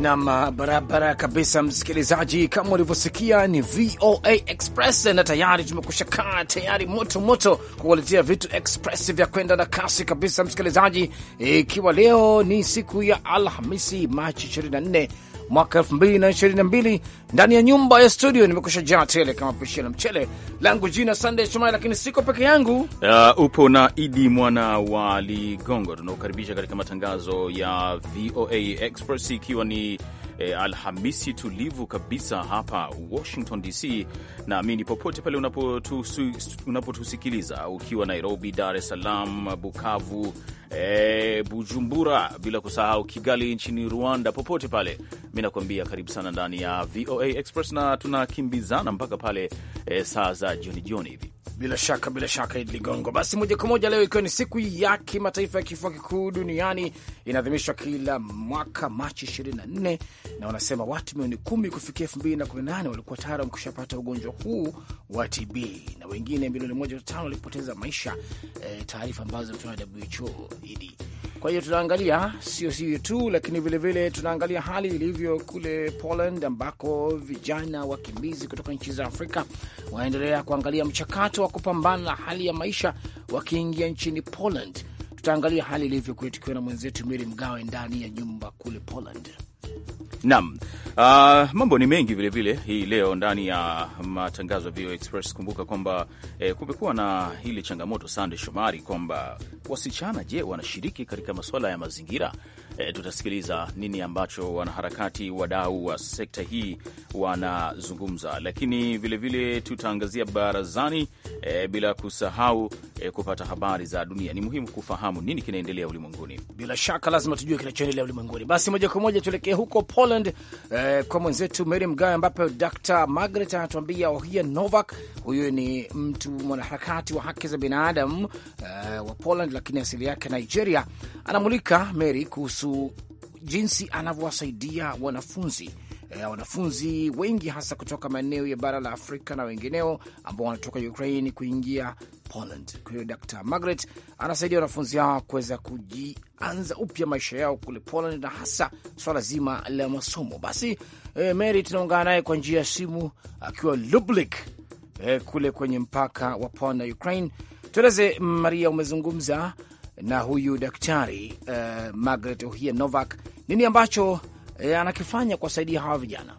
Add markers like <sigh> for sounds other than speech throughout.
Nam, barabara kabisa, msikilizaji, kama ulivyosikia ni VOA Express na tayari tumekusha kaa tayari moto moto kukuletea vitu express vya kwenda na kasi kabisa, msikilizaji, ikiwa e, leo ni siku ya Alhamisi Machi 24 mwaka 2022 ndani ya nyumba ya studio. Nimekusha jaa tele kama pishi la mchele langu. Jina Sunday Shomai, lakini siko peke yangu. Uh, upo na Idi mwana wa Ligongo. Tunakukaribisha katika matangazo ya VOA Express ikiwa ni E, Alhamisi tulivu kabisa hapa Washington DC. Naamini popote pale unapotusikiliza unapo ukiwa Nairobi, Dar es Salaam, Bukavu e, Bujumbura, bila kusahau Kigali nchini Rwanda. Popote pale, mi nakuambia karibu sana ndani ya VOA Express, na tunakimbizana mpaka pale e, saa za jioni jioni hivi. Bila shaka bila shaka, Idi Ligongo. Basi moja kwa moja, leo ikiwa ni siku ya kimataifa ya kifua kikuu duniani, inaadhimishwa kila mwaka Machi 24 na wanasema watu milioni kumi kufikia nane walikuwa tayari wamekushapata ugonjwa huu wa TB na wengine milioni moja tano walipoteza maisha e, taarifa ambazo tunatoa WHO Idi kwa hiyo tunaangalia sio sio tu, lakini vilevile tunaangalia hali ilivyo kule Poland, ambako vijana wakimbizi kutoka nchi za Afrika wanaendelea kuangalia mchakato wa kupambana na hali ya maisha wakiingia nchini Poland. Tutaangalia hali ilivyo kule tukiwa na mwenzetu Miri Mgawe ndani ya nyumba kule Poland. Naam. Uh, mambo ni mengi vilevile vile, hii leo ndani ya matangazo ya VOA Express. Kumbuka kwamba eh, kumekuwa na hili changamoto Sande Shomari kwamba wasichana, je, wanashiriki katika masuala ya mazingira? Eh, tutasikiliza nini ambacho wanaharakati wadau wa sekta hii wanazungumza, lakini vilevile tutaangazia barazani, eh, bila kusahau eh, kupata habari za dunia. Ni muhimu kufahamu nini kinaendelea ulimwenguni. Bila shaka lazima tujue kinachoendelea ulimwenguni. Basi moja kwa moja tuelekee huko Poland eh, kwa mwenzetu Mary Mgawe, ambapo Dr Margaret anatuambia Ohia Novak, huyu ni mtu mwanaharakati wa haki za binadamu eh, wa Poland, lakini asili yake Nigeria. Anamulika Mary kuhusu jinsi anavyowasaidia wanafunzi eh, wanafunzi wengi hasa kutoka maeneo ya bara la Afrika na wengineo ambao wanatoka Ukraine kuingia Poland. Kwa hiyo Dr. Margaret anasaidia wanafunzi hao kuweza kujianza upya maisha yao kule Poland na hasa swala zima la masomo. Basi eh, Mary tunaungana naye kwa njia ya simu akiwa Lublik eh, kule kwenye mpaka wa Poland na Ukraine. Tueleze Maria, umezungumza na huyu daktari uh, Margaret Ohia Novak, nini ambacho Eh, anakifanya kuwasaidia hawa vijana?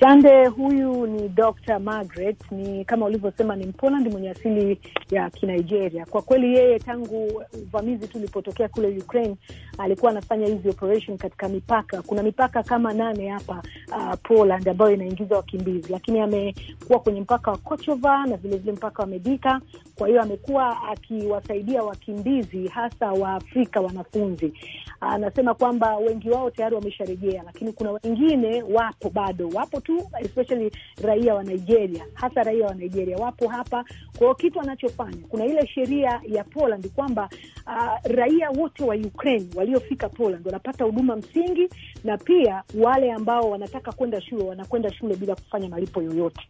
Sande, huyu ni Dr. Margaret, ni kama ulivyosema ni Mpoland mwenye asili ya Kinigeria. Kwa kweli yeye tangu uvamizi tu ulipotokea kule Ukraine alikuwa anafanya hizi operation katika mipaka. Kuna mipaka kama nane hapa uh, Poland ambayo inaingiza wakimbizi, lakini amekuwa kwenye mpaka wa Kochova na vilevile mpaka wa Medika. Kwa hiyo amekuwa akiwasaidia wakimbizi hasa wa Afrika wanafunzi. Anasema uh, kwamba wengi wao tayari wamesharejea, lakini kuna wengine wapo bado wapo tu especially raia wa Nigeria, hasa raia wa Nigeria wapo hapa. Kwa kitu anachofanya, kuna ile sheria ya Poland kwamba uh, raia wote wa Ukraine waliofika Poland wanapata huduma msingi, na pia wale ambao wanataka kwenda shule wanakwenda shule bila kufanya malipo yoyote.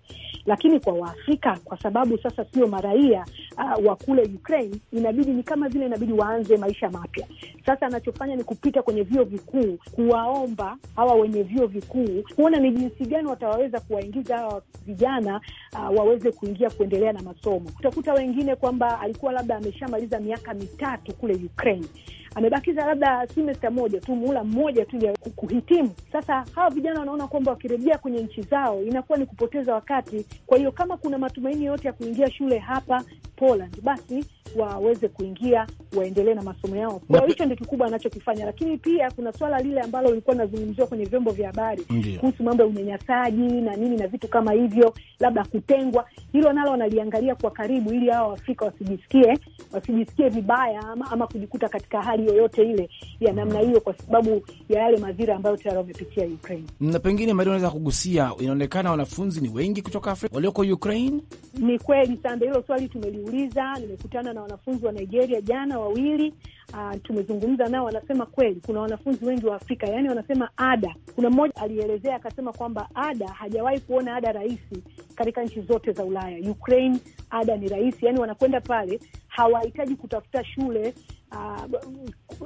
Lakini kwa Waafrika, kwa sababu sasa sio maraia uh, wa kule Ukraine, inabidi ni kama vile inabidi waanze maisha mapya. Sasa anachofanya ni kupita kwenye vyuo vikuu kuwaomba hawa wenye vyuo vikuu kuona ni jinsi gani watawaweza kuwaingiza hawa vijana uh, waweze kuingia kuendelea na masomo. Utakuta wengine kwamba alikuwa labda ameshamaliza miaka mitatu kule Ukraine amebakiza labda semesta moja tu muhula mmoja tu ya kuhitimu. Sasa hawa vijana wanaona kwamba wakirejea kwenye nchi zao inakuwa ni kupoteza wakati. Kwa hiyo kama kuna matumaini yote ya kuingia shule hapa Poland, basi waweze kuingia waendelee na masomo yao. Kwa hiyo hicho ndio kikubwa anachokifanya, lakini pia kuna swala lile ambalo lilikuwa nazungumziwa kwenye vyombo vya habari kuhusu mambo ya unyanyasaji na nini na vitu kama hivyo, labda kutengwa. Hilo nalo wanaliangalia kwa karibu, ili hawa Waafrika wasijisikie wasijisikie vibaya ama, ama kujikuta katika hali yoyote ile ya namna hiyo, kwa sababu ya yale madhira ambayo tayari wamepitia Ukraine. Na pengine Maria, unaweza kugusia, inaonekana wanafunzi ni wengi kutoka Afrika walioko Ukraine. Ni kweli sana, hilo swali tumeliuliza, nimekutana na na wanafunzi wa Nigeria jana wawili. Uh, tumezungumza nao, wanasema kweli kuna wanafunzi wengi wa Afrika, yani wanasema ada, kuna mmoja alielezea akasema kwamba ada hajawahi kuona ada rahisi katika nchi zote za Ulaya. Ukraine ada ni rahisi, yani wanakwenda pale hawahitaji kutafuta shule uh, ah,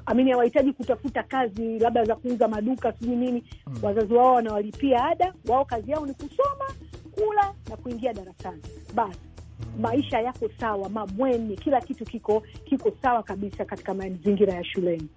amini hawahitaji kutafuta kazi labda za kuuza maduka sijui nini mm. Wazazi wao wanawalipia ada, wao kazi yao ni kusoma, kula na kuingia darasani basi maisha yako sawa, mabweni, kila kitu kiko kiko sawa kabisa katika mazingira ya shuleni.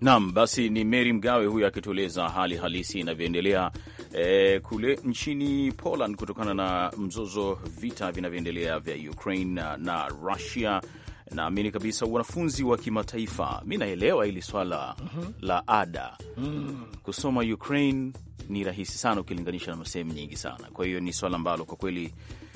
Naam, basi ni Mary Mgawe huyo akitueleza hali halisi inavyoendelea e, kule nchini Poland kutokana na mzozo, vita vinavyoendelea vya Ukraine na, na Russia. Naamini kabisa wanafunzi wa kimataifa, mi naelewa hili swala mm -hmm. la ada mm -hmm. kusoma Ukraine ni rahisi sana ukilinganisha na sehemu nyingi sana, kwa hiyo ni swala ambalo kwa kweli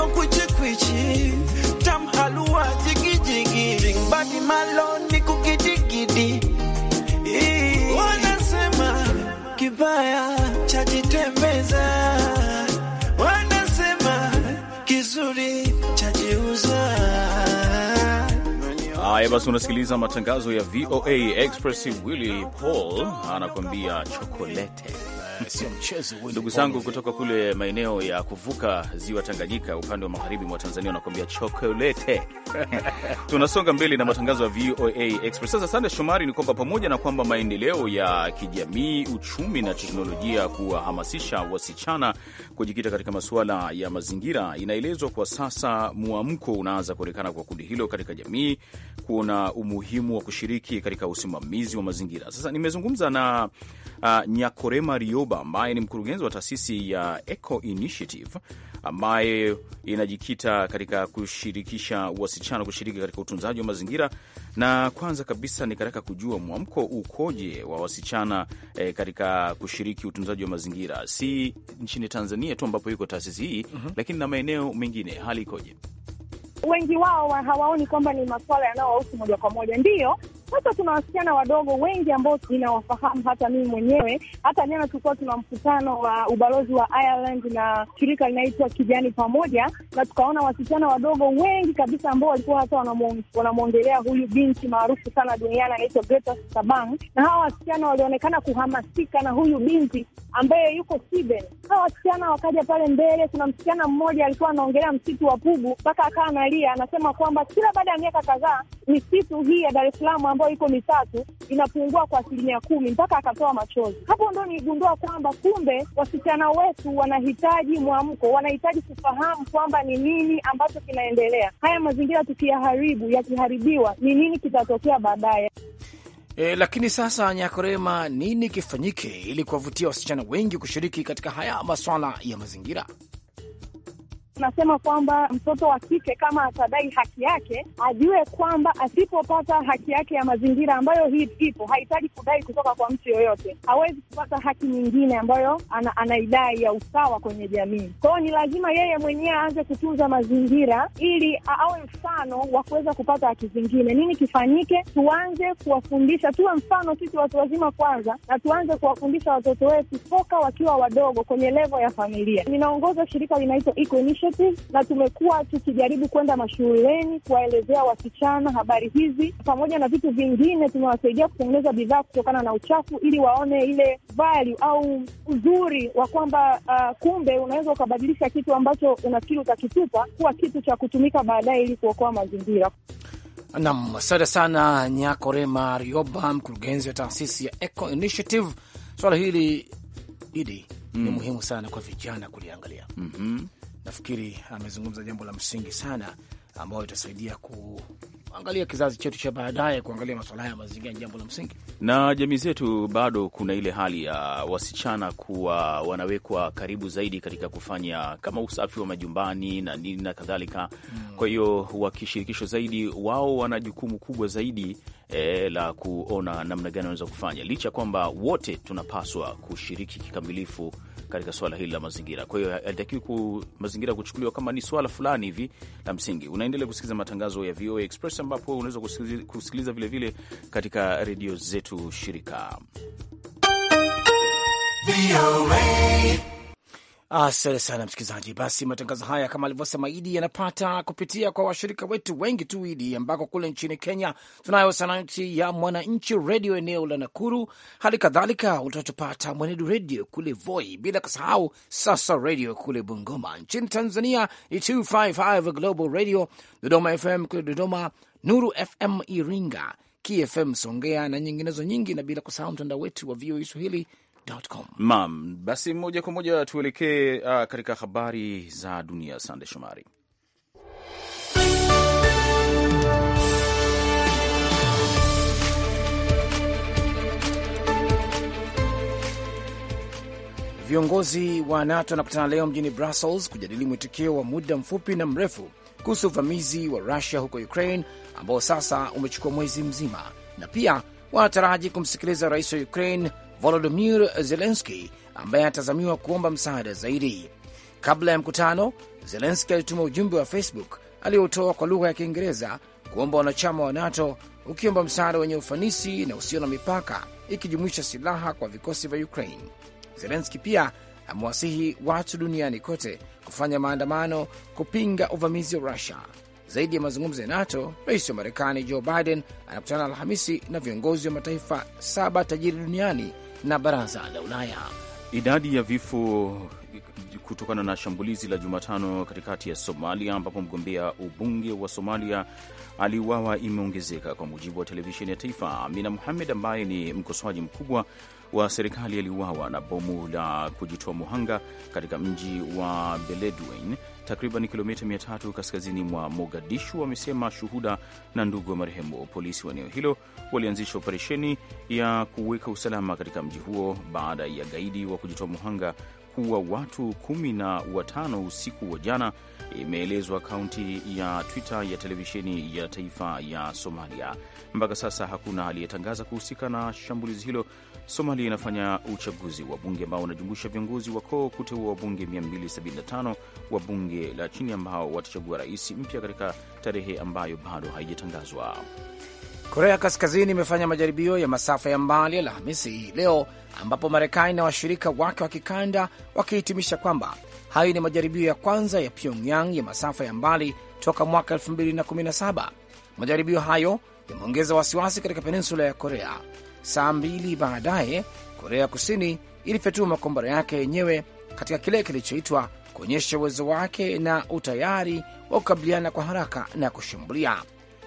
Leo tam halua ee, wanasema kibaya wanasema kizuri Haya basi, unasikiliza matangazo ya VOA Express. Willy Paul anakuambia chokolete ndugu zangu kutoka kule maeneo ya kuvuka ziwa Tanganyika upande wa magharibi mwa Tanzania wanakuambia chokolete. <laughs> Tunasonga mbele na matangazo ya VOA Express. Sasa Sande Shomari, ni kwamba pamoja na kwamba maendeleo ya kijamii, uchumi na teknolojia kuwahamasisha wasichana kujikita katika masuala ya mazingira, inaelezwa kwa sasa mwamko unaanza kuonekana kwa kundi hilo katika jamii kuona umuhimu wa kushiriki katika usimamizi wa mazingira. Sasa nimezungumza na uh, Nyakorema Rioba ambaye ni mkurugenzi wa taasisi ya Eco Initiative ambaye inajikita katika kushirikisha wasichana kushiriki katika utunzaji wa mazingira. Na kwanza kabisa nikataka kujua mwamko ukoje wa wasichana eh, katika kushiriki utunzaji wa mazingira, si nchini Tanzania tu ambapo iko taasisi hii mm -hmm. lakini na maeneo mengine hali ikoje? Wengi wao hawaoni kwamba ni masuala yanayowahusu moja kwa moja. ndio sasa tuna wasichana wadogo wengi ambao ninawafahamu hata mimi mwenyewe. Hata jana tulikuwa tuna mkutano wa ubalozi wa Ireland na shirika linaitwa Kijani Pamoja, na tukaona wasichana wadogo wengi kabisa ambao walikuwa hata wanamwongelea huyu binti maarufu sana duniani anaitwa Greta Thunberg, na hawa wasichana walionekana kuhamasika na huyu binti ambaye yuko Sweden. Hawa wasichana wakaja pale mbele. Kuna msichana mmoja alikuwa anaongelea msitu wa Pugu mpaka akawa analia, anasema kwamba kila baada ya miaka kadhaa misitu hii ya Dar es Salaam ambayo iko mitatu inapungua kwa asilimia kumi mpaka akatoa machozi. Hapo ndo nigundua kwamba kumbe wasichana wetu wanahitaji mwamko, wanahitaji kufahamu kwamba ni nini ambacho kinaendelea. Haya mazingira tukiyaharibu, yakiharibiwa, ni nini kitatokea baadaye? E, lakini sasa Nyakorema, nini kifanyike ili kuwavutia wasichana wengi kushiriki katika haya maswala ya mazingira? Nasema kwamba mtoto wa kike kama atadai haki yake, ajue kwamba asipopata haki yake ya mazingira ambayo hii ipo, hahitaji kudai kutoka kwa mtu yoyote, hawezi kupata haki nyingine ambayo ana, anaidai ya usawa kwenye jamii. kwao ni lazima yeye mwenyewe aanze kutunza mazingira ili awe mfano wa kuweza kupata haki zingine. Nini kifanyike? Tuanze kuwafundisha, tuwe mfano sisi watu wazima kwanza, na tuanze kuwafundisha watoto wetu toka wakiwa wadogo kwenye levo ya familia. Ninaongoza shirika linaitwa University, na tumekuwa tukijaribu kwenda mashuleni kuwaelezea wasichana habari hizi, pamoja na vitu vingine. Tumewasaidia kutengeneza bidhaa kutokana na uchafu, ili waone ile value au uzuri wa kwamba uh, kumbe unaweza ukabadilisha kitu ambacho unafikiri utakitupa kuwa kitu cha kutumika baadaye ili kuokoa mazingira. Nam, asante sana Nyakorema Rioba, mkurugenzi wa taasisi ya Eco Initiative. Swala hili idi mm, ni muhimu sana kwa vijana kuliangalia. mm -hmm nafikiri amezungumza jambo la msingi sana ambayo itasaidia kuangalia kizazi chetu cha baadaye, kuangalia masuala haya ya mazingira ni jambo la msingi. Na jamii zetu bado kuna ile hali ya wasichana kuwa wanawekwa karibu zaidi katika kufanya kama usafi wa majumbani na nini na kadhalika mm. Kwa hiyo wakishirikishwa zaidi, wao wana jukumu kubwa zaidi e, la kuona namna gani wanaweza kufanya, licha ya kwamba wote tunapaswa kushiriki kikamilifu katika swala hili la mazingira. Kwa hiyo haitakiwi ku mazingira kuchukuliwa kama ni swala fulani hivi la msingi. Unaendelea kusikiliza matangazo ya VOA Express ambapo unaweza kusikiliza vilevile katika redio zetu shirika. Asante sana msikilizaji. Basi matangazo haya kama alivyosema Idi yanapata kupitia kwa washirika wetu wengi tu, Idi, ambako kule nchini Kenya tunayo sanati ya Mwananchi redio eneo la Nakuru, hali kadhalika utatupata Mwenedu redio kule Voi, bila kusahau Sasa redio kule Bungoma. Nchini Tanzania ni 255 Global Radio, Dodoma FM kule Dodoma, Nuru FM Iringa, KFM Songea na nyinginezo nyingi, na bila kusahau mtandao wetu wa VOA e Swahili Naam, basi moja kwa moja tuelekee uh, katika habari za dunia. Sande Shomari. Viongozi wa NATO wanakutana leo mjini Brussels kujadili mwitikio wa muda mfupi na mrefu kuhusu uvamizi wa Rusia huko Ukraine ambao sasa umechukua mwezi mzima, na pia wanataraji kumsikiliza rais wa Ukraine volodimir zelenski ambaye anatazamiwa kuomba msaada zaidi. Kabla ya mkutano, zelenski alituma ujumbe wa Facebook aliyotoa kwa lugha ya Kiingereza kuomba wanachama wa NATO, ukiomba msaada wenye ufanisi na usio na mipaka, ikijumuisha silaha kwa vikosi vya Ukraine. Zelenski pia amewasihi watu duniani kote kufanya maandamano kupinga uvamizi wa Rusia. Zaidi ya mazungumzo ya NATO, rais wa Marekani Joe Biden anakutana Alhamisi na viongozi wa mataifa saba tajiri duniani na Baraza la Ulaya. Idadi ya vifo kutokana na shambulizi la Jumatano katikati ya Somalia ambapo mgombea ubunge wa Somalia aliuawa imeongezeka, kwa mujibu wa televisheni ya taifa. Amina Muhamed ambaye ni mkosoaji mkubwa wa serikali aliuawa na bomu la kujitoa muhanga katika mji wa Beledweyne, takriban kilomita 300 kaskazini mwa Mogadishu, wamesema shuhuda na ndugu wa marehemu. Polisi wa eneo hilo walianzisha operesheni ya kuweka usalama katika mji huo baada ya gaidi wa kujitoa muhanga kuwa watu kumi na watano usiku wa jana, imeelezwa akaunti ya Twitter ya televisheni ya taifa ya Somalia. Mpaka sasa hakuna aliyetangaza kuhusika na shambulizi hilo Somalia inafanya uchaguzi wa bunge ambao unajumuisha viongozi koo kuteua wabunge 275 wa bunge la chini ambao watachagua rais mpya katika tarehe ambayo bado haijatangazwa. Korea Kaskazini imefanya majaribio ya masafa ya mbali Alhamisi hii leo, ambapo Marekani na washirika wake wa kikanda wakihitimisha kwamba hayo ni majaribio ya kwanza ya Pyongyang ya masafa ya mbali toka mwaka 2017. Majaribio hayo yameongeza wasiwasi katika peninsula ya Korea Saa mbili baadaye Korea Kusini ilifyatua makombora yake yenyewe katika kile kilichoitwa kuonyesha uwezo wake na utayari wa kukabiliana kwa haraka na kushambulia.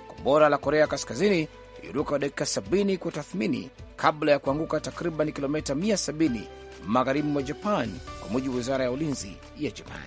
Kombora la Korea Kaskazini liliruka dakika 70 kwa tathmini kabla ya kuanguka takriban kilomita 170 magharibi mwa Japan, kwa mujibu wa wizara ya ulinzi ya Japan.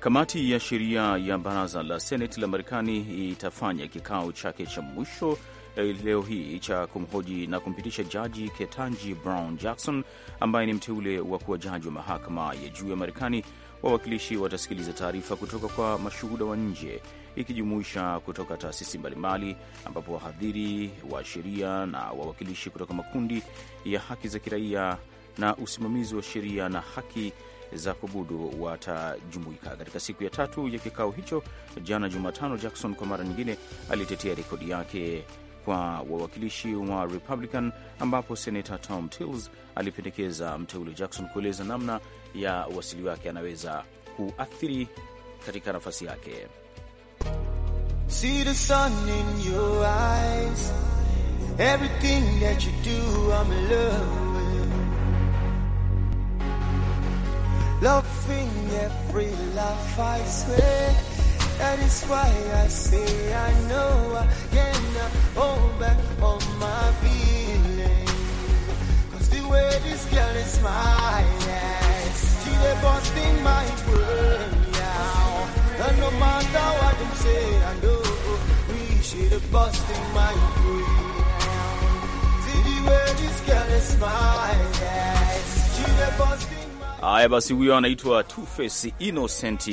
Kamati ya sheria ya baraza la seneti la Marekani itafanya kikao chake cha mwisho Eh, leo hii cha kumhoji na kumpitisha Jaji Ketanji Brown Jackson ambaye ni mteule wa kuwa jaji wa mahakama ya juu ya Marekani. Wawakilishi watasikiliza taarifa kutoka kwa mashuhuda wa nje ikijumuisha kutoka taasisi mbalimbali, ambapo wahadhiri wa sheria na wawakilishi kutoka makundi ya haki za kiraia na usimamizi wa sheria na haki za kubudu watajumuika katika siku ya tatu ya kikao hicho. Jana Jumatano, Jackson kwa mara nyingine alitetea rekodi yake kwa wawakilishi wa Republican, ambapo Senata Tom Tills alipendekeza mteule Jackson kueleza namna ya uwasili wake anaweza kuathiri katika nafasi yake. See the sun in your eyes. Everything that you do, I'm in love with. Loving every I swear. That is why I say I know I cannot hold back on my feelings. Cause the way this girl is smiling, she the boss in my brain now. And no matter what them say, I know we should have busting my the way this my brain. Haya basi, huyo anaitwa Two Face Innocent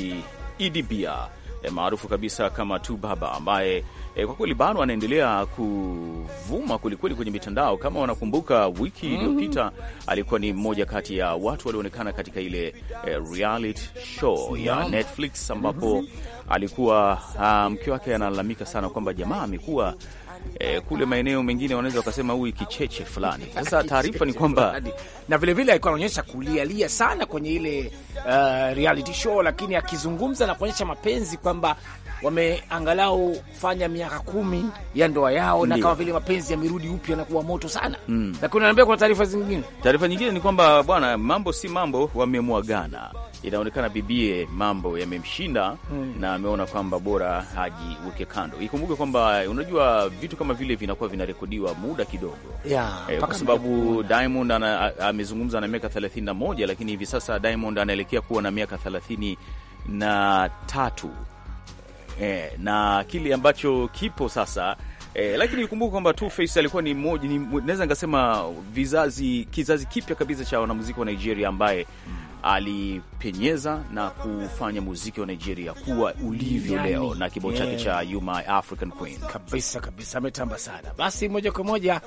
Idibia e, maarufu kabisa kama Tu Baba ambaye e, kwa kweli bado anaendelea kuvuma kwelikweli kwenye mitandao. Kama wanakumbuka wiki mhm. iliyopita mm -hmm. alikuwa ni mmoja kati ya watu walioonekana katika ile e, reality show yeah. ya Netflix ambapo mm -hmm. alikuwa ah, mke um, wake analalamika sana kwamba jamaa amekuwa eh, kule maeneo mengine wanaweza wakasema huyu kicheche fulani. Sasa taarifa ni kwamba na vilevile alikuwa anaonyesha kulialia sana kwenye ile uh, reality show, lakini akizungumza na kuonyesha mapenzi kwamba wameangalau fanya miaka kumi ya ndoa yao Ndiyo. na kama vile mapenzi yamerudi upya na kuwa moto sana mm. Lakini kuna taarifa zingine, taarifa nyingine ni kwamba bwana, mambo si mambo, wamemwagana inaonekana bibie mambo yamemshinda mm, na ameona kwamba bora hajiweke kando. Ikumbuke kwamba unajua vitu kama vile vinakuwa vinarekodiwa muda kidogo yeah, eh, kwa sababu Diamond amezungumza na miaka moja lakini hivi sasa Diamond anaelekea kuwa na miaka thelathini na tatu eh, na kile ambacho kipo sasa E, lakini nikumbuke kwamba Tuface alikuwa ni mmoja, naweza nikasema vizazi kizazi kipya kabisa cha wanamuziki wa Nigeria ambaye mm alipenyeza na kufanya muziki wa Nigeria kuwa ulivyo yaani, leo na kibao chake yeah, cha You My African Queen. Kabisa kabisa, ametamba sana. Basi moja kwa moja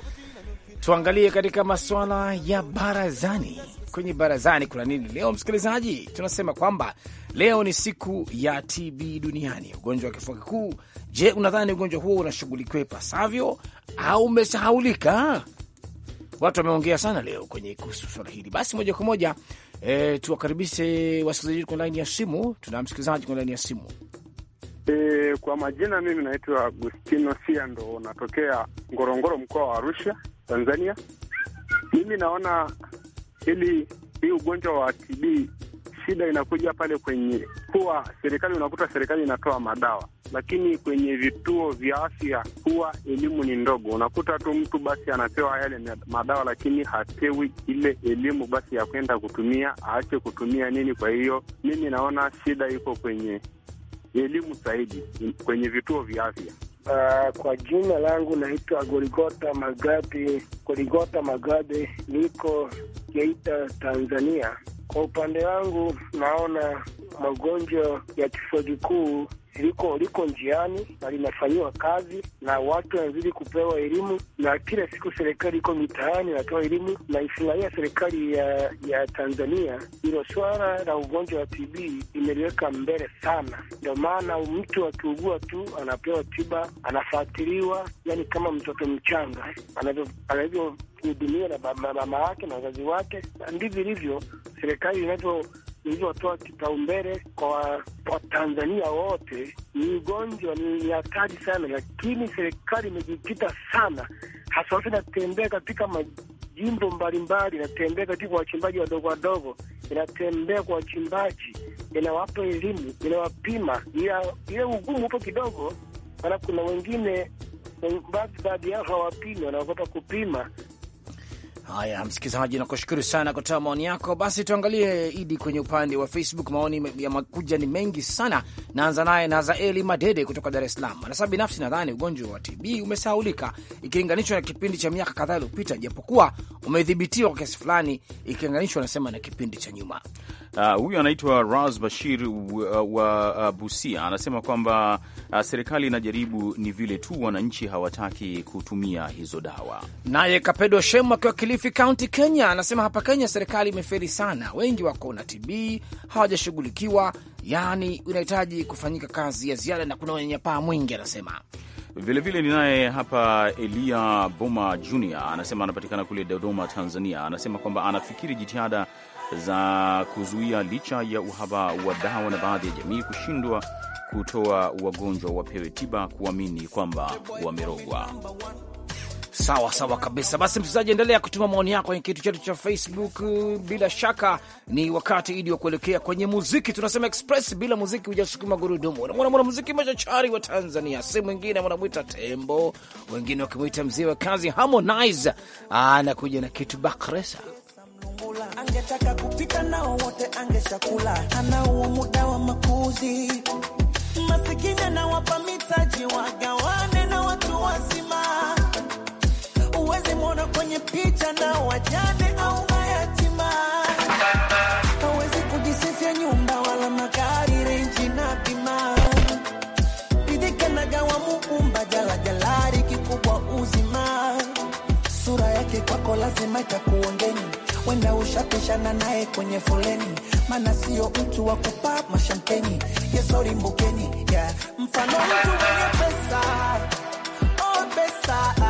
tuangalie katika maswala ya barazani. Kwenye barazani kuna nini leo, msikilizaji? Tunasema kwamba leo ni siku ya TB duniani, ugonjwa wa kifua kikuu. Je, unadhani ugonjwa huo unashughulikiwa ipasavyo au umesahaulika? Watu wameongea sana leo kwenye kuhusu swala hili. Basi moja kwa moja E, tuwakaribishe wasikilizaji kwa laini ya simu. Tuna msikilizaji kwa laini ya simu. E, kwa majina mimi naitwa Agustino Siando, natokea Ngorongoro, mkoa wa Arusha, Tanzania. Mimi naona hili hii ugonjwa wa TB shida inakuja pale kwenye kuwa serikali, unakuta serikali inatoa madawa, lakini kwenye vituo vya afya huwa elimu ni ndogo. Unakuta tu mtu basi anapewa yale madawa, lakini hapewi ile elimu basi ya kwenda kutumia, aache kutumia nini. Kwa hiyo mimi naona shida iko kwenye elimu zaidi kwenye vituo vya afya. Uh, kwa jina langu naitwa gorigota Magabe, Gorigota Magabe, niko Geita, Tanzania. Kwa upande wangu naona magonjwa ya kifua kikuu liko liko njiani na linafanyiwa kazi na watu wanazidi kupewa elimu, na kila siku serikali iko mitaani inatoa elimu. na ifurahia serikali ya ya Tanzania, hilo swala la ugonjwa wa TB imeliweka mbele sana. Ndio maana mtu akiugua tu anapewa tiba, anafuatiliwa, yani kama mtoto mchanga anavyohudumiwa na mama yake na wazazi wake, ndivyo ilivyo serikali inavyo nilivyotoa kipaumbele kwa Watanzania wote. Ni ugonjwa ni hatari sana, lakini serikali imejikita sana, hasa hasa inatembea katika majimbo mbalimbali, inatembea katika wachimbaji wadogo wadogo, inatembea kwa wachimbaji, inawapa elimu, inawapima. Ile ugumu upo kidogo, maana kuna wengine baadhi yao hawapimi, wanaogopa kupima Haya, msikilizaji, nakushukuru sana kutoa maoni yako. Basi tuangalie idi kwenye upande wa Facebook, maoni ya makuja ni mengi sana. Naanza naye Nazaeli Madede kutoka Dar es Salaam, anasema binafsi nadhani ugonjwa wa TB umesahaulika ikilinganishwa na kipindi cha miaka kadhaa iliyopita, japokuwa umedhibitiwa kwa kiasi fulani ikilinganishwa, anasema na kipindi cha nyuma. Uh, huyu anaitwa ras Bashir uh, wa uh, Busia, anasema kwamba uh, serikali inajaribu, ni vile tu wananchi hawataki kutumia hizo dawa. Naye Kapedo Shemu akiwa Kilifi Kaunti, Kenya, anasema hapa Kenya serikali imefeli sana, wengi wako na TB hawajashughulikiwa, yaani unahitaji kufanyika kazi ya ziada na kuna unyanyapaa mwingi, anasema vilevile. ninaye hapa Elia Boma Junior anasema anapatikana kule Dodoma, Tanzania, anasema kwamba anafikiri jitihada za kuzuia licha ya uhaba wa dawa na baadhi ya jamii kushindwa kutoa wagonjwa wapewe tiba kuamini kwamba wamerogwa. Sawa sawa kabisa. Basi msikilizaji, endelea kutuma maoni yako kwenye kitu chetu cha Facebook. Bila shaka ni wakati idi wa kuelekea kwenye muziki. Tunasema express, bila muziki hujasukuma gurudumu. Unamwona mwanamuziki machachari wa Tanzania, si mwingine, wanamwita Tembo, wengine wakimwita mzee wa kazi Harmonize. Anakuja na kitu bakresa angetaka kupika nao wote angeshakula, anao muda wa makuzi masikini, anawapa mitaji wagawane na wajane au mayatima. Hawezi kujisifia nyumba wala magari, renji na bima. Idikanagawa muumba jala jalari kikubwa uzima. Sura yake kwako lazima itakuongeni, wenda ushapishana naye kwenye foleni, mana sio mtu wa kupa mashampeni yesori mbukeni yeah. Mfano mtu mwenye pesa oh, pesa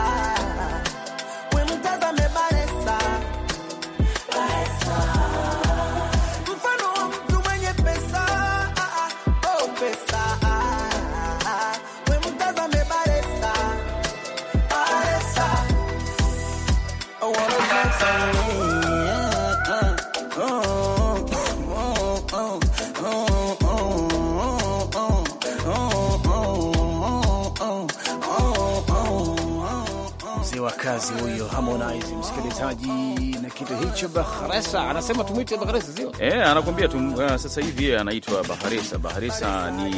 kazi huyo Harmonize, msikilizaji, na kitu hicho Bahresa. Anasema tumwite Bahresa, sio eh? Anakuambia uh, sasa hivi yeye anaitwa Bahresa. Bahresa ni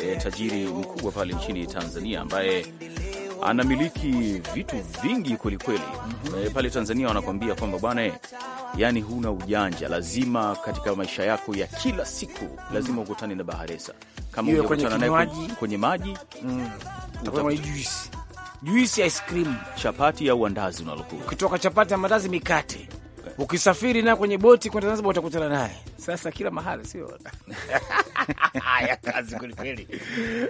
eh, tajiri mkubwa pale nchini Tanzania ambaye anamiliki vitu vingi kwelikweli. mm -hmm. Eh, pale Tanzania wanakuambia kwamba bwana, yani huna ujanja, lazima katika maisha yako ya kila siku mhm. lazima ukutane na Bahresa, kama ukutana naye kwenye maji mm juisi ya ice cream, chapati au andazi unalokula. Ukitoka chapati na mandazi, mikate ukisafiri nayo kwenye boti kwenda Zanzibar utakutana naye. Sasa kila mahali, sio <laughs> haya kazi kwelikweli.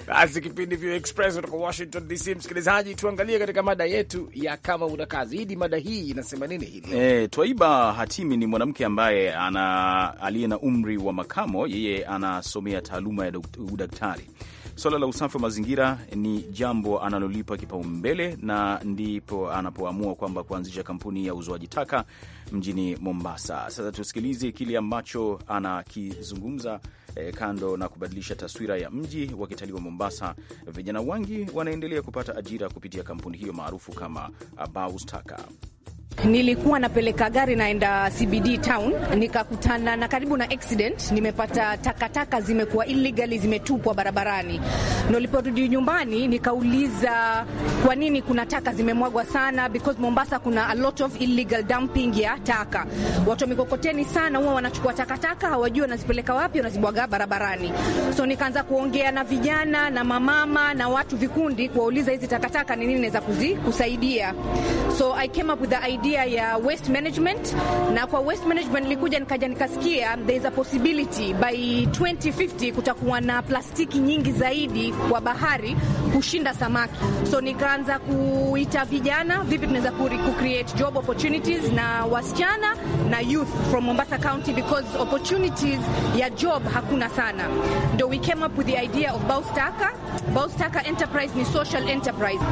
Basi kipindi vya express kutoka Washington DC, msikilizaji, tuangalie katika mada yetu ya kama una kazi hidi. Mada hii inasema nini hili? E, Twaiba Hatimi ni mwanamke ambaye ana aliye na umri wa makamo, yeye anasomea taaluma ya udaktari Swala la usafi wa mazingira ni jambo analolipa kipaumbele na ndipo anapoamua kwamba kuanzisha kampuni ya uzoaji taka mjini Mombasa. Sasa tusikilize kile ambacho anakizungumza eh, kando na kubadilisha taswira ya mji wa kitalii wa Mombasa, vijana wengi wanaendelea kupata ajira kupitia kampuni hiyo maarufu kama Baustaka. Nilikuwa napeleka gari naenda CBD town, nikakutana na karibu na accident. Nimepata takataka zimekuwa illegally zimetupwa barabarani. Niliporudi nyumbani, nikauliza kwa nini kuna taka zimemwagwa sana, because Mombasa kuna a lot of illegal dumping ya taka. Watu wa mikokoteni sana huwa wanachukua takataka, hawajui wanazipeleka wapi, wanazibwaga barabarani. So nikaanza kuongea na vijana na mamama na watu vikundi, kuwauliza hizi takataka ni nini naweza kuzikusaidia. So I came up with the idea idea ya waste management, na kwa waste management nilikuja nikaja nikasikia there is a possibility by 2050 kutakuwa na plastiki nyingi zaidi kwa bahari kushinda samaki, so nikaanza kuita vijana, vipi tunaweza ku create job opportunities na wasichana na youth from Mombasa County because opportunities ya job hakuna sana, ndo we came up with the idea of Baustaka. Baustaka Enterprise ni social enterprise.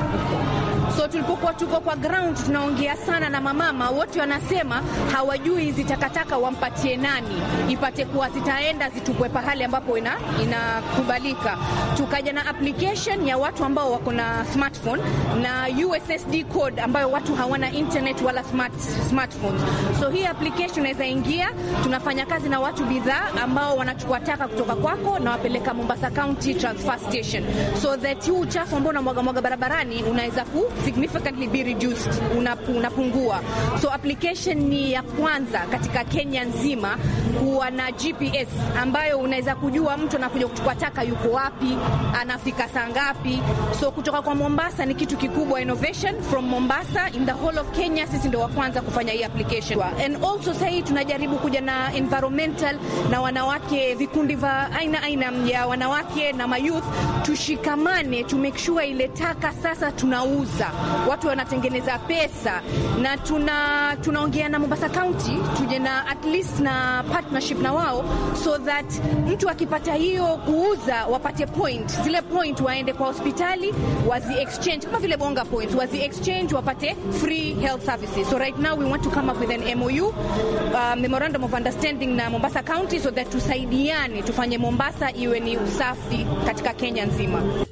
So tulipokuwa tuko kwa ground tunaongea sana na mamama wote, wanasema hawajui hizi takataka wampatie nani, ipate kuwa zitaenda zitupwe pahali ambapo ina, inakubalika. Tukaja na application ya watu ambao wako na smartphone na USSD code ambayo watu hawana internet wala smart, smartphone. So hii application inaweza ingia, tunafanya kazi na watu bidhaa ambao wanachukua taka kutoka kwako na wapeleka Mombasa County Transfer Station, so that huu uchafu ambao unamwaga mwaga barabarani unaweza ku significantly be reduced, unapungua. So application ni ya kwanza katika Kenya nzima kuwa na GPS ambayo unaweza kujua mtu anakuja kuchukua taka yuko wapi, anafika saa ngapi. So kutoka kwa Mombasa ni kitu kikubwa, innovation from Mombasa in the whole of Kenya. Sisi ndio wa kwanza kufanya hii application, and also sahii tunajaribu kuja na environmental na wanawake, vikundi vya aina aina ya wanawake na mayouth, tushikamane to make sure ile taka sasa tunauza watu wanatengeneza pesa, na tuna tunaongea na Mombasa County tuje na at least na partnership na wao, so that mtu akipata hiyo kuuza wapate point, zile point waende kwa hospitali wazi exchange kama vile bonga point wazi exchange wapate free health services. So right now we want to come up with an MOU, uh, memorandum of understanding na Mombasa County so that tusaidiane tufanye Mombasa iwe ni usafi katika Kenya nzima.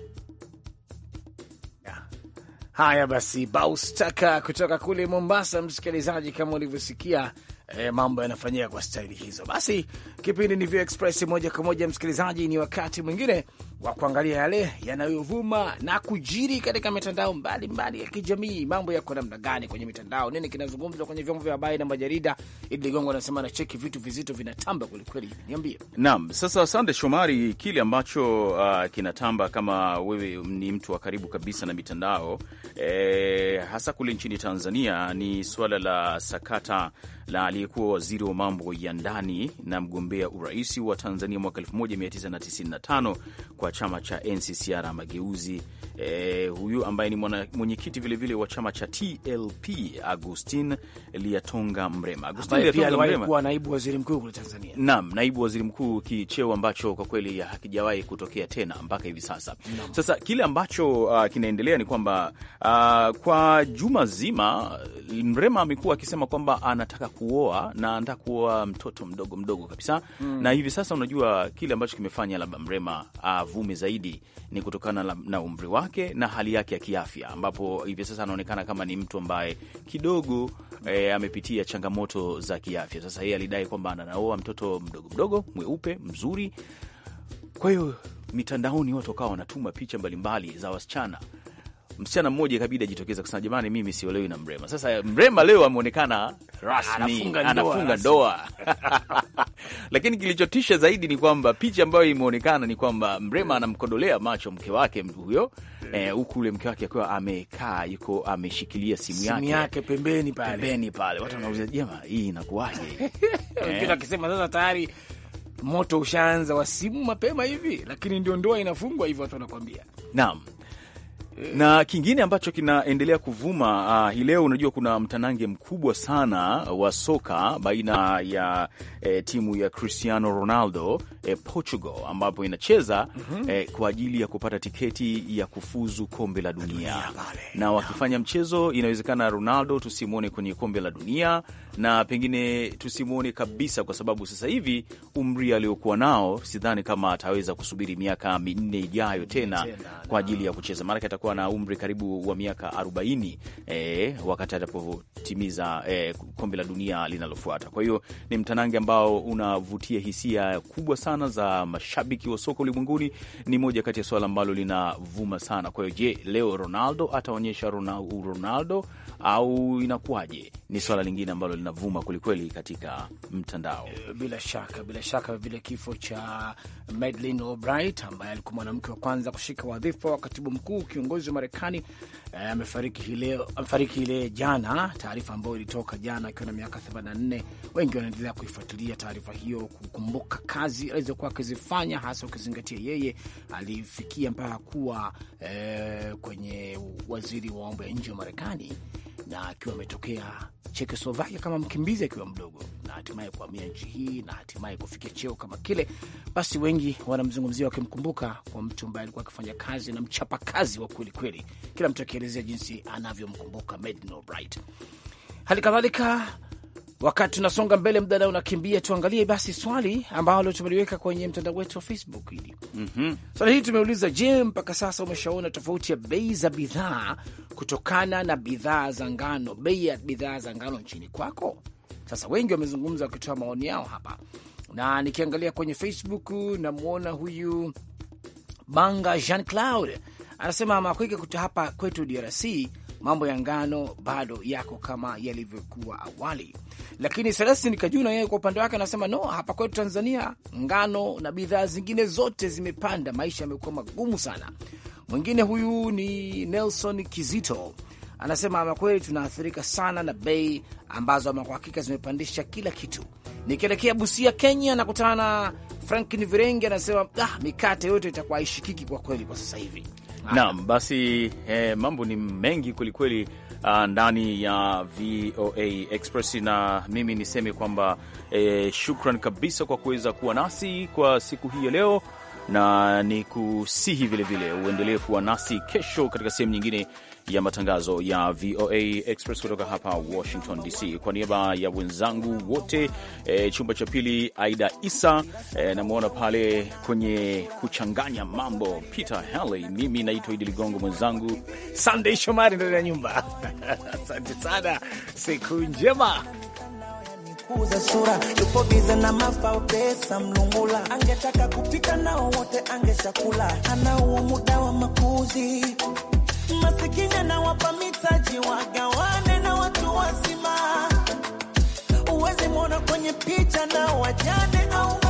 Haya basi, Baustaka kutoka kule Mombasa. Msikilizaji, kama ulivyosikia e, mambo yanafanyika kwa staili hizo. Basi kipindi ni Vio Express moja kwa moja. Msikilizaji, ni wakati mwingine wa kuangalia yale yanayovuma na kujiri katika mitandao mbalimbali mbali ya kijamii. Mambo yako namna gani kwenye mitandao? Nini kinazungumzwa kwenye vyombo vya habari na majarida? Idi Ligongo anasema nacheki vitu vizito vinatamba kwelikweli, niambie. Naam, sasa asante Shomari, kile ambacho uh, kinatamba kama wewe ni mtu wa karibu kabisa na mitandao e, hasa kule nchini Tanzania ni suala la sakata la aliyekuwa waziri wa mambo ya ndani na mgombea urais wa Tanzania mwaka 1995 kwa chama cha NCCR Mageuzi. E, huyu ambaye ni mwenyekiti vilevile wa chama cha TLP Agustin Liatonga Mrema. Agustin naibu waziri mkuu kule Tanzania. Naam, naibu waziri mkuu, kicheo ambacho kwa kweli hakijawahi kutokea tena mpaka hivi sasa. Naam. Sasa kile ambacho uh, kinaendelea ni kwamba uh, kwa juma zima Mrema amekuwa akisema kwamba anataka kuoa na anataka kuoa mtoto mdogo mdogo kabisa. Mm. Na hivi sasa unajua kile ambacho kimefanya labda Mrema avu uh, kumi zaidi ni kutokana na, na umri wake na hali yake ya kiafya, ambapo hivi sasa anaonekana kama ni mtu ambaye kidogo e, amepitia changamoto za kiafya. Sasa yeye alidai kwamba anaoa mtoto mdogo mdogo mweupe mzuri, kwa hiyo mitandaoni watu wakawa wanatuma picha mbalimbali za wasichana msichana mmoja ikabidi ajitokeza kusema jamani, mimi siolewi na Mrema. Sasa Mrema leo ameonekana rasmi anafunga, ndoa <laughs> lakini kilichotisha zaidi ni kwamba picha ambayo imeonekana ni kwamba Mrema anamkodolea macho mke wake mtu huyo eh. Eh, huku, eh, ule mke wake akiwa amekaa yuko ameshikilia simu, simu yake pembeni pale, pembeni pale. Watu eh. wanauliza jema, hii inakuwaje? <laughs> Wengine wakisema sasa tayari moto ushaanza wa simu mapema hivi, lakini ndio ndoa inafungwa hivyo, watu wanakwambia naam na kingine ambacho kinaendelea kuvuma uh, hii leo unajua, kuna mtanange mkubwa sana wa soka baina ya eh, timu ya Cristiano Ronaldo eh, Portugal ambapo inacheza mm -hmm. eh, kwa ajili ya kupata tiketi ya kufuzu kombe la dunia, dunia na wakifanya mchezo inawezekana Ronaldo tusimwone kwenye kombe la dunia na pengine tusimwone kabisa, kwa sababu sasa hivi umri aliokuwa nao, sidhani kama ataweza kusubiri miaka minne ijayo tena kwa ajili ya kucheza, maanake atakuwa na umri karibu wa miaka arobaini e, wakati atapotimiza e, kombe la dunia linalofuata. Kwa hiyo ni mtanange ambao unavutia hisia kubwa sana za mashabiki wa soka ulimwenguni. Ni moja kati ya swala ambalo linavuma sana. Kwa hiyo je, leo Ronaldo ataonyesha Ronaldo au inakuwaje? Ni swala lingine ambalo linavuma kwelikweli katika mtandao. Bila shaka, bila shaka vile kifo cha Madeleine Albright ambaye alikuwa mwanamke wa kwanza kushika wadhifa wa katibu mkuu kiongozi wa Marekani eh, amefariki ile jana, taarifa ambayo ilitoka jana akiwa na miaka 84. Wengi wanaendelea kuifuatilia taarifa hiyo, kukumbuka kazi alizokuwa akizifanya, hasa ukizingatia yeye alifikia mpaka kuwa eh, kwenye waziri wa mambo ya nje wa Marekani na akiwa ametokea Chekoslovakia kama mkimbizi akiwa mdogo, na hatimaye kuhamia nchi hii na hatimaye kufikia cheo kama kile, basi wengi wanamzungumzia wakimkumbuka kwa mtu ambaye alikuwa akifanya kazi na mchapakazi wa kweli kweli, kila mtu akielezea jinsi anavyomkumbuka Madeleine Albright. Hali kadhalika Wakati tunasonga mbele, muda nao unakimbia, tuangalie basi swali ambalo tumeliweka kwenye mtandao wetu wa Facebook hili. mm -hmm. Swali hili tumeuliza, je, mpaka sasa umeshaona tofauti ya bei za bidhaa kutokana na bidhaa za ngano, bei ya bidhaa za ngano nchini kwako? Sasa wengi wamezungumza wakitoa maoni yao hapa, na nikiangalia kwenye Facebook namwona huyu Banga Jean Claude anasema makwike kuto hapa kwetu DRC mambo ya ngano bado yako kama yalivyokuwa awali. Lakini Selestini Kajuna yeye kwa upande wake anasema no, hapa kwetu Tanzania ngano na bidhaa zingine zote zimepanda, maisha yamekuwa magumu sana. Mwingine huyu ni Nelson Kizito anasema ama kweli tunaathirika sana na bei ambazo ama kwa hakika zimepandisha kila kitu. Nikielekea Busia, Kenya, nakutana na Frank Virengi anasema ah, mikate yote itakuwa haishikiki kwa kweli kwa sasa hivi. Naam, basi eh, mambo ni mengi kwelikweli uh, ah, ndani ya VOA Express, na mimi niseme kwamba eh, shukran kabisa kwa kuweza kuwa nasi kwa siku hii ya leo na ni kusihi vilevile uendelee kuwa nasi kesho katika sehemu nyingine ya matangazo ya VOA Express kutoka hapa Washington DC. Kwa niaba ya wenzangu wote e, chumba cha pili, Aida Isa e, namwona pale kwenye kuchanganya mambo Peter Haley. Mimi naitwa Idi Ligongo, mwenzangu Sandey Shomari ndani ya nyumba. <laughs> Asante sana, siku njema kuuza sura, yupo biza na mafao pesa mlungula, angetaka kupika nao wote angeshakula, anauo muda wa makuzi, masikini anawapa mitaji wagawane na watu wazima, uwezi mwona kwenye picha na wajane au